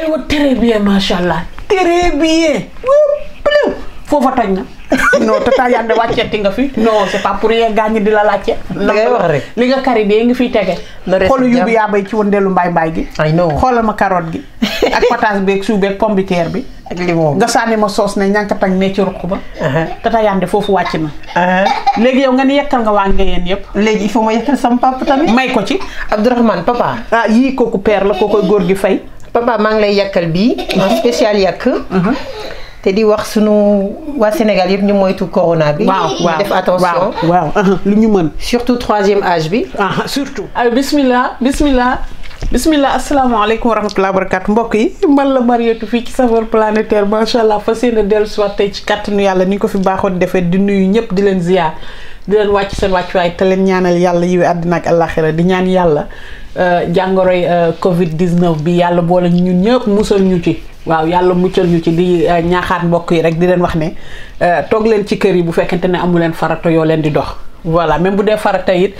aywa bi bien macha allah très bien. wóob foofa toj na. non tata Yande wàcceeti nga fi. no c'est pas pour rien gaañ di la laajte. da ngay wax rek li nga kari dee nga fiy tege. xoolu yóbbu yaa bay ci wëndeelu mbaay mbaay gi. ay non xoolal ma carotte gi. ak pataas beeg suuf beeg pomme de bi. ak limon nga sànni ma soos ne ñànkatañ ne ci ruq ba. Uh-huh. tata Yande foofu wàcc na. Uh-huh. léegi yow nga ni yekkal nga waa ngeen yëpp. léegi il faut ma yekkal sama papa tamit. may ko ci. Abdourahmane papa. ah yii kooku la koo koy góor gi fay. papa mang lay yakal bi en mhm. spécial yàkk mhm. te di wax suñu wa Sénégal yépp ñu moytu corona bi. def attention waaw mhm, lu ñu mën. surtout troisième âge bi. ah surtout. ay ah, bismillah bismillah bismillah assalamu alaykum wa rahmatullahi wa barakatuh mbokk yi mal la mariatu fi ci planétaire ma sha allah fas del dellusiwaat tay ci kàttanu yalla ni ko fi baxone defé di nuyu ñëpp di leen ziar di leen wàcc seen way te leen ñaanal yalla yiwe adina ak alakhirah di ñaan yalla Euh, jàngoroy euh, Covid 19 bi yàlla boole ñun ñëpp musal ñu ci. waaw yàlla muccal ñu ci di euh, ñaaxaat mbokk yi rek di leen wax ne toog leen ci kër yi bu fekkante ne amu leen farata yoo leen di dox. voilà même bu dee farata it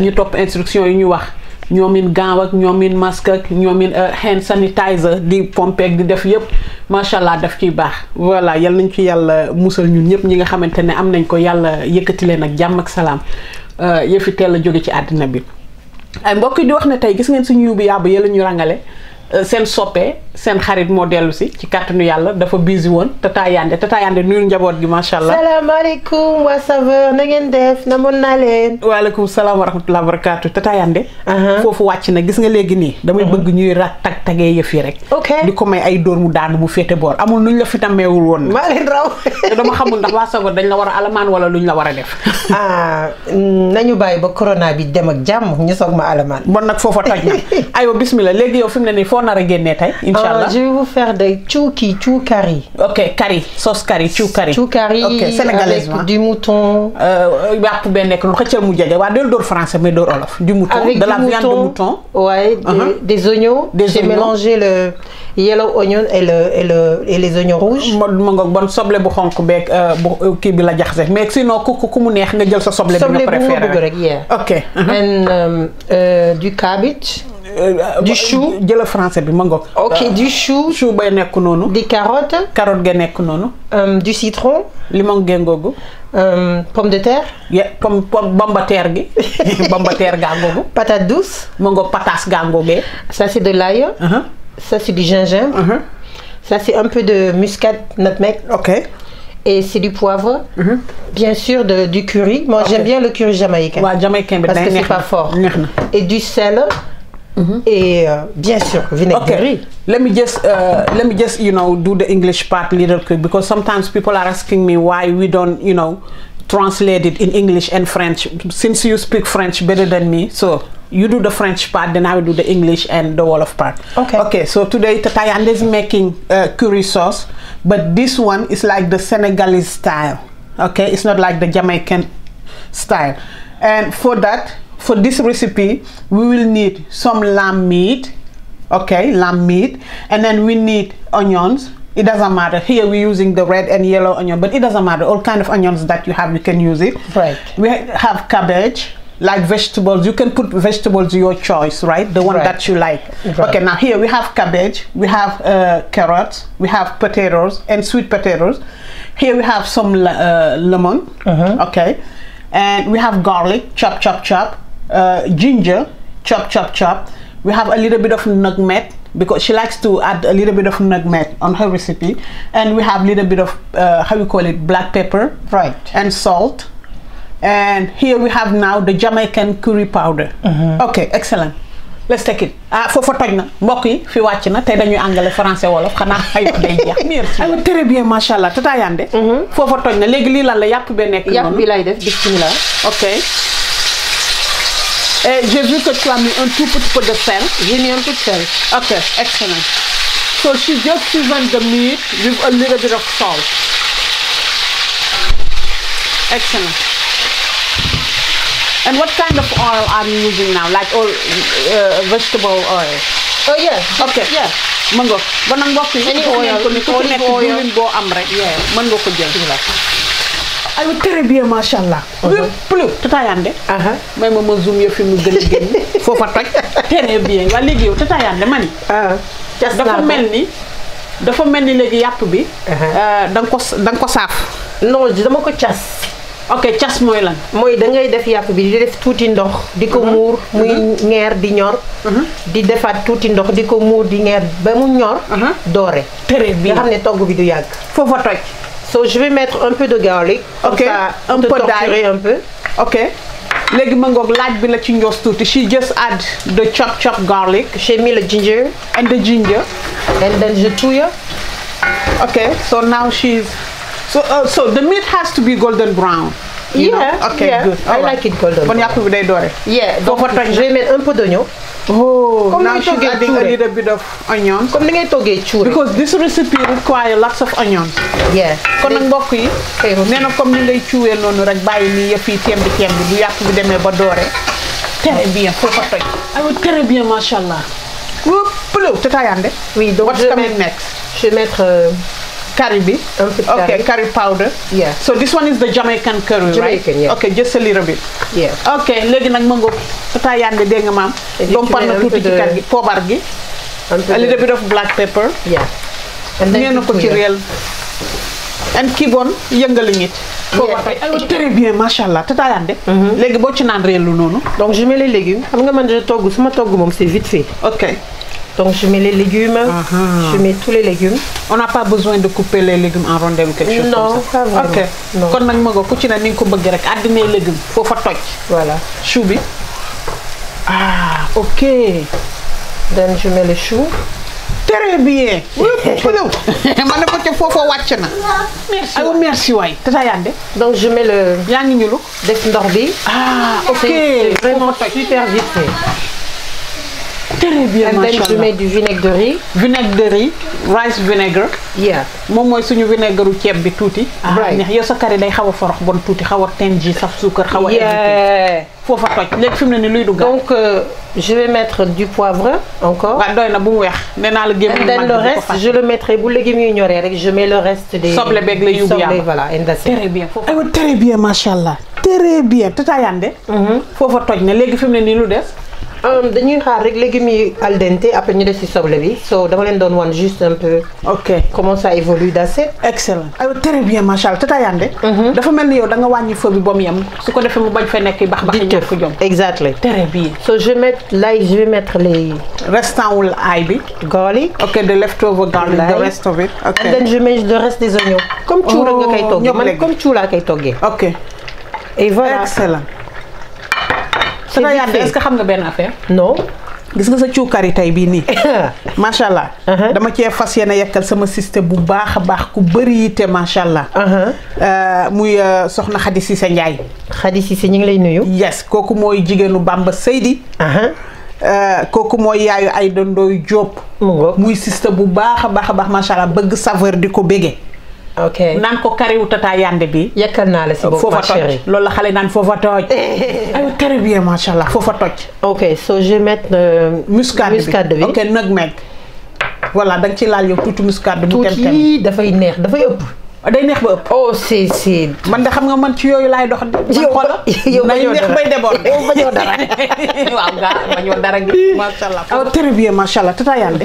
ñu topp instruction yi ñu wax ñoomin gaaw ak ñoomin masque ak ñoomin hand sanitizer di pompe ak di def yëpp macha allah def ciy baax. voilà yal nañ ci yàlla musal ñun ñëpp ñi nga xamante ne am nañ ko yàlla yëkkati leen ak jàmm ak salaam yëfi teel a jóge ci àddina bi. ay mbokk yi di wax na tey gis ngeen suñu yóbbu yàbb yee la ñu ràngale Euh, seen soppe seen xarit moo dellu si ci kàttanu yàlla dafa busy woon tata Yande tata Yande nuyul njaboot gi macha allah. salaamaaleykum waa Saveurs na ngeen def namoon naa leen. waaleykum salaam wa rahmatulah wa barakaatu wàcc na gis nga léegi nii. damay bëgg ñuy rat tag tagee yëf yi rek. ok di ko may ay dóor mu daanu mu féete boor amul ñu la fi tàmmeewul woon. maa leen raw te dama xamul ndax waa Saveurs dañ la war a alamaan wala luñ la war a def. ah nañu bàyyi ba corona bi dem ak jàmm ñu soog ma alamaan. bon nag foofa toj na aywa bismillah foo nar a inshallah tey euh, je vais vous faire des chouki chou curry. ok curry sauce curry chou curry. chou curry ok sénégalaise avec hein. du mouton. Euh, yàpp bee nekk lu xëccal mu jege wa del door français mais dor olof. du mouton de la viande de mouton. ouais uh-huh. des oignons. des oignons j'ai mélangé le yellow onion et le et le et les oignons rouges. ma ngoog bon soble bu xonk beeg euh, bu kii bi la jaxase mais sinon ku ku mu neex nga jël sa soble. bi nga préféré ok bu ma bëgg uh-huh. um, du cabbage. Euh, du euh, chou le français bi ma ok euh, du chou. chou bay nek nonou des carotte. carottes ga du citron. limon gango. ngoogu. pomme de terre. yeah, pomme pomme terre gi terre ga ngoogu. patate douce. Mongo ngoog gango. gaa ça c'est de l'ail. Uh-huh. ça c'est du gingembre. Uh-huh. ça c'est un peu de muscade nutmeg. ok. et c'est du poivre. Uh-huh. bien sûr de du curry. moi j'aime bien le curry jamaïcain. Ouais, jamaïcain parce que c'est pas fort. et du sel. hmm Et euh, bien Okay. Let me just uh, let me just you know do the English part little quick because sometimes people are asking me why we don't you know translate it in English and French. Since you speak French better than me, so you do the French part, then I will do the English and the Wolof part. Okay. Okay. So today Tatayande is making uh, curry sauce, but this one is like the Senegalese style. Okay, it's not like the Jamaican style. And for that, for this recipe we will need some lamb meat okay lamb meat and then we need onions it doesn't matter here we're using the red and yellow onion but it doesn't matter all kind of onions that you have you can use it right we have cabbage like vegetables you can put vegetables your choice right the one right. that you like right. okay now here we have cabbage we have uh, carrots we have potatoes and sweet potatoes here we have some uh, lemon uh -huh. okay and we have garlic chop chop chop uh, ginger, chop, chop, chop. We have a little bit of nutmeg because she likes to add a little bit of nutmeg on her recipe. And we have a little bit of, uh, how you call it, black pepper. Right. And salt. And here we have now the Jamaican curry powder. Mm -hmm. Okay, excellent. let's take it ah foofa toj na mbokk fi wàcc na tey dañuy anglais français wolof xanaa aywa day jeex. merci aywa ah, très bien macha allah tata Yande. Mm-hmm. foofa toj na léegi lii lan la yàpp bee nekk. noonu yàpp bi lay def bismillah. ok. Et j'ai vu que tu as mis un tout petit peu de sel. J'ai mis un peu de sel. Ok, excellent. So she just seasoned the meat with a little bit of salt. Excellent. And what kind of oil are you using now? Like all uh, vegetable oil? Oh yes. Okay. Yeah. Mango. nga ko ba nag oil? yi. oil ko oil ku nekk diwlin boo am aywa très bien macha allah. plus Tata Yande. may ma ma zoom ya fi mu gën a génn foofa toj. très bien waa léegi yow Tata Yande ma ni. Ah. dafa mel ni. dafa mel ni léegi yàpp bi. Euh, da nga ko da nga ko saaf. non dama ko cas. ok cas mooy lan. mooy da ngay def yàpp bi di def tuuti ndox. di ko muur muy ŋeer di ñor. di defaat tuuti ndox di ko muur di ŋeer ba mu ñor. doore. très bien nga xam ne togg bi du yàgg. foofa toj. So, je vais mettre un peu de garlic. Ok. Ça, un peu d'ail. un peu. Ok. léegi mangok ngoog la she just add the chop chop garlic. j'ai mis le ginger. and the ginger. and then the tuya. Ok. so now she's so uh, so the meat has to be golden brown. yeah know? okay good. I like it golden Bon, kon yàpp bi day doore. yeah donc je vais mettre un peu d'oignon. Oh, Come now should adding a little bit of onions. Come ngay toggé churé. Because this recipe requires lots of onions. Yeah. Kon nak mbokk yi, néna kom ni ngay ciuwé nonu rek bayyi ni yëf yi tembi tembi du yàpp bi démé ba dooré. Très bien, faut pas toj. Ah oui, très bien, machallah. Woup, plou, tata yandé. Oui, donc What's je coming next? Je vais mettre euh, curry bi okay, curry. powder. Yeah. So this one is the Jamaican curry, Jamaican, Okay, just a little bit. Okay, legi nak mango tatayande denga mam. Dom pan na tuti ci kar gi, pobar gi. A little bit of black pepper. Yeah. And then ko ci real. And keep on yëngaling it. Yeah. Oh, très bien, machallah. Tatayande. Mm-hmm. Legi bo ci naan reelu noonu Donc je mets les Xam nga man je togg suma togg mom c'est vite fait. Okay. Donc je mets les légumes, ah, ah. je mets tous les légumes. On n'a pas besoin de couper les légumes en rondelles ou quelque chose comme ça. Pas vraiment. Ok. Non. Quand on mago, coucine à n'inko bagarre, adine les légumes, faut faire touch. Voilà. Choubi. Ah, ok. Donc je mets les choux. Très bien. Maintenant, faut faut faut watcher na. Merci. Ah, merci ouais. T'as yandé. Donc je mets le. Yangi nyulu. Def ndorbi. Ah, ok. C'est vraiment super vite fait très bien and then you vinaigre de riz. vinaigre de riz rice vinegar. yeah mom moy suñu vinaigre bi ah, sa day forox bon a toj donc euh, je vais mettre du poivre encore. wa doyna bu le reste je le mettrai bu je mets le reste des. très bien très bien machallah très bien tata Yande. Mm-hmm. fofa toj na lu des. Euh, dañuy xaar rek légumes yi al dente après ñu def ci soble bi so dama leen doon wan juste un peu. ok comment ça évolue d'assiette. excellent ay très bien macha allah tata Yande. Mhm. dafa mel ni yow da nga wàññi feu bi ba mu yem su ko defee mu bañ fa nekk bax bax yi ñëpp jom. exactly très bien. so je mets là je vais mettre les. restant wul ail bi. garlic ok the leftover garlic the rest of it. ok and then je mets le reste des oignons. comme cuura nga oh, koy toggee man comme cuura laa kay toggee. ok et voilà excellent. danga yàgg est xam nga benn affaire. non. gis nga sa cuukari tey bii nii. macha allah. Uh-huh. dama cee fas yéene yekkal sama système bu baax a baax ku bëri te macha allah. Uh-huh. Uh, muy uh, soxna sa Cissé Ndiaye. Khady Cissé ñu ngi lay nuyu. yes kooku mooy jigéenu Bamba Seydi. Uh-huh. Uh, kooku mooy yaayu ay dondooy Diop. muy système bu baax a baax a baax macha allah bëgg saveur di ko béggee ok naan ko kariw tata yande bi. yekkal naa la si boobu ma chérie loolu la xale naan foofa toj. aywa très bien macha allah foofa so je mets. Euh, muscade bi muscade bi ok nag meeg. voilà da ci laal yow tuuti muscade. bu tem tem dafay neex dafay ëpp. day neex ba ëpp. oh si si. man de xam nga man ci yooyu laay dox. yow ba yow bañoo dara bay débordé yow bañoo dara. waaw nga bañoo dara gi macha allah. très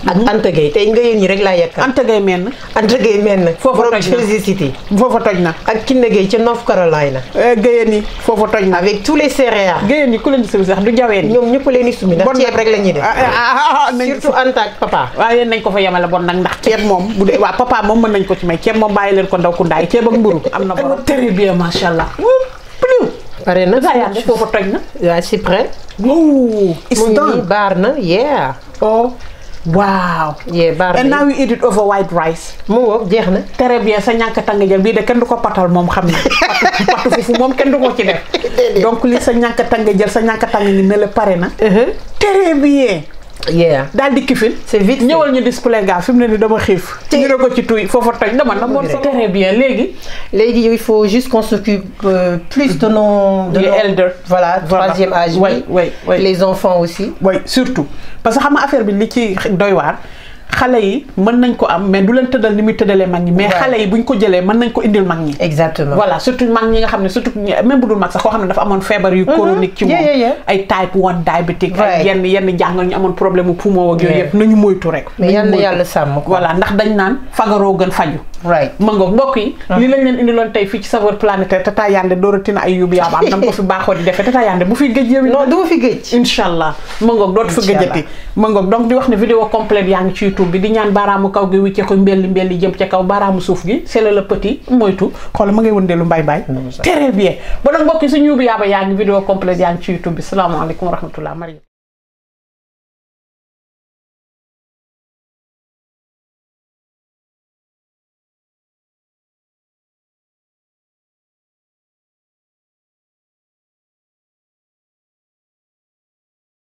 ak Anta tey nga yéen ñi rek laa yekkal. Anta Gueye menn. Anta Gueye menn. foofa toj na félicité. foofa toj na. ak Kine Gueye ca North Carolina. Eh, Guèyeen yi foofa toj na. avec tous les céréales. Guèyeen yi ku leen sumi sax du jaween. ñoom ñëpp sumi ndax ceeb ah, ah, ah, ko fa yemale bon nag ndax ceeb moom bu dee waa papa moom mën nañ ko ci may ceeb moom bàyyi leen ko ndaw ku ndaay ceeb ak mburu am na borom très bien macha allah. pare na foofa toj na. waaw c'est prêt. wow. baar na yeah. oh waaw. yee baar and now you eat it over white rice. mu ngoog jeex na. très bien sa ñàkk tàng jën bii de kenn du ko patal moom xam na patu fufu moom kenn du ko ci def. donc li sa ñàkk tàng jël sa ñàkk tàng ngi ne la pare na. Uh-huh. très bien. yeah c'est vite très bien Lady, il faut juste qu'on s'occupe euh, plus de nos de nos elders voilà troisième âge oui oui les enfants aussi oui surtout parce que xam affaire bi xale yi mën nañ ko am mais du leen tëddal ni muy tëddalee mag ñi mais xale yi bu ñu ko jëlee mën nañ ko indil mag ñi exactement surtout mag ñi nga xam ne surtout même dul mag sax koo xam ne dafa amoon feebar yu mm-hmm. chronique ci moom ay type one diabétique ak yenn yenn jàngal ñu amoon problème bu poumon ak yooyu yëpp nañu moytu rek ah. yal yaa ngi ci moytu bi di ñaan baaraamu kaw gi wicce ko mbelli mbelli jëm ca kaw baaraamu suuf gi c'est le petit moytu xool ma ngay wëndeelu mbay mbay mm-hmm. très bien ba nag mbokk suñu ñuubu yaa ngi vidéo complète yaa ngi ci youtube bi salaamaaleykum wa rahmatullah mari